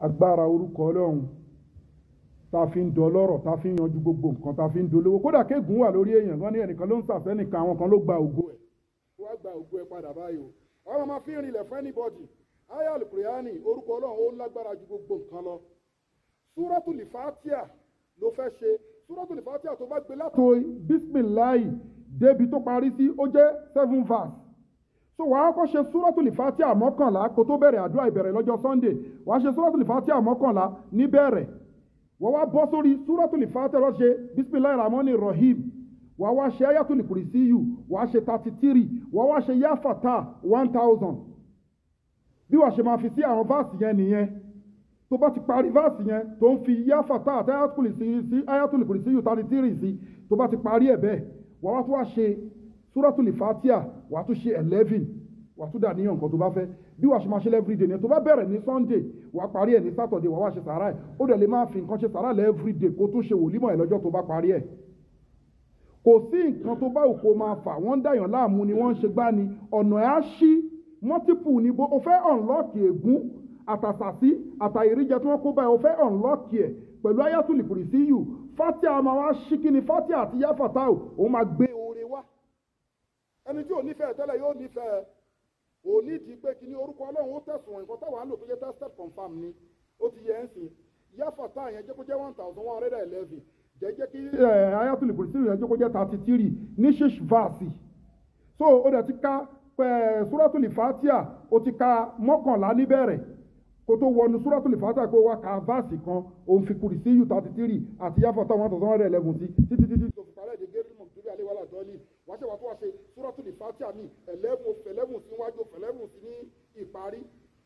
agbára orúkọ ọlọ́run ta fi ń dọlọ́rọ̀ ta fi ń yanjú gbogbo nǹkan ta fi ń dolówó kódà kéègùn wà lórí èèyàn gan ni ẹnìkan ló ń sàfẹ́ nìkan àwọn kan ló gba ògo ẹ̀ wá gba ògo ẹ̀ padà báyìí o ọmọ máa fi ń rinlẹ̀ fún anybody aya alukuriyani orúkọ ọlọ́run ó lágbára ju gbogbo nǹkan lọ súrọ́tù lìfàtíà ló fẹ́ ṣe súrọ́tù lìfàtíà tó bá gbé látò bísímìláì débi tó parí sí ó jẹ́ seven verse so wàá kọ́ ṣe súrọ́tùlì fatia mọ́kànlá kó tó bẹ̀rẹ̀ àdúrà ìbẹ̀rẹ̀ lọ́jọ́ sunday wàá ṣe súrọ́tùlì fatia mọ́kànlá níbẹ̀rẹ̀ wọ́n wá bọ́ sórí súrọ́tùlì fatia lọ́ ṣe bisimilayi ramoni rahim wàá wá ṣe ayatollah kùrìsíyù wàá ṣe thirty three wàá wá ṣe yafata one thousand bí wàá ṣe máa fi sí àwọn fáàsì yẹn nìyẹn tó bá ti parí fáàsì yẹn tó ń fi yafata àti ayatollah kùrìsíyù thirty three sí tó bá ti parí ẹ̀ bẹ́ẹ̀ wàá wá tún wá ṣe súrọ́tùlì fatia wàá tún ṣe eleven wà tún dà níyàn nǹkan tó bá fẹ́ bí wàá ṣe máa ṣe lẹ́fìrìdè ni tó bá bẹ̀rẹ̀ ní sunday wàá parí ẹ̀ ní sátọ̀dé wàá wá ṣe sàárà ẹ̀ ó dẹ̀ lè máa fi nǹkan ṣe sàárà lẹ́fìrìdè kó tún ṣe wòlímọ̀ ẹ̀ lọ́jọ́ tó bá parí ẹ̀ kò sí nǹkan tó bá òkò máa fà wọ́n ń dàyàn láàmú ni wọ́n ń ṣe gbá ni ọ̀nà ẹ̀ á ṣí mọ́típù ni bó o fẹ́ ọ̀nlọ́ọ̀kì ègún àtàsàsí àtàìríjẹ tí wọ́n kó báyìí o fẹ́ ọ̀nlọ́ọ̀kì ẹ̀ pẹ̀lú ayatollah kùrìsíyù fatia máa wá ṣí kí ni fatia àti yafata o máa gbé oore wá ẹni tí ò nífẹ̀ẹ́ tẹ́lẹ̀ yóò nífẹ̀ẹ́ onídìí pé kí ni orúkọ ọlọ́run ó tẹ̀sùn nǹkan táwa ń lò tó jẹ́ tested confam ni ó ti yẹ ẹ́ ń sìn yáfà tá àyẹn jẹ́ kó jẹ́ one thousand one hundred and eleven jẹ́jẹ́ kí eh, ayatul kùrìsìrì yẹn jẹ́ kó jẹ́ thirty three ní six verse so ó dẹ̀ ti ká eh, suratul fatia ó ti ká mọ́kànlá níbẹ̀rẹ̀ kó tó wọnú suratul fatia kó wá ka verse kan òun fi kùrìsìrì thirty three àti yáfà tá one thousand one hundred and eleven sí títí títí tó fi parẹ́ ìdígérì wàhálà dọ́ọ̀lì wàá ṣe wàá tó wàá ṣe súrọ́tù lè fàtíà mi ẹ̀lẹ́mù fẹ̀lẹ́mù sí wájú fẹ̀lẹ́mù sí ní ìparí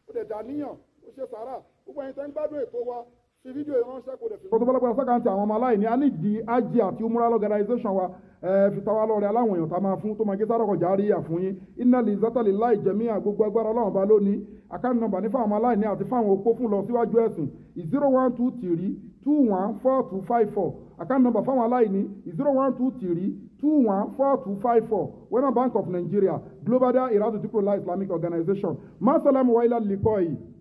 ó dẹ̀ dàníyàn ó ṣe sàrà gbogbo ẹni tẹ́ ń gbádùn ètò wa fi fídíò ìránṣẹ́ kò dẹ̀ fi. tọ́tù bọ́lápẹ́ sẹ́kàǹtì àwọn ọmọ aláìní a ní di ájì àti umrah organization wa fitawa lọ́ọ̀rẹ́ aláwọn èèyàn tá a máa fún tó máa gé sáré ọkọ̀jà àríyá yín iná lè zátàlì láì jẹ̀mí àgbogbo agbára ọlọ́run bá lónìí àkáǹtì nọ́mbà ní fáwọn aláìní àti fáwọn opó fún lọ síwájú ẹ̀sìn zero one two three two one four two five four àkáǹtì nọ́mbà fáwọn aláìní zero one two three 214254 Wena Bank of Nigeria Global Dahiratu Dhikrlahi Islamic Organization Masalam Waila Likoi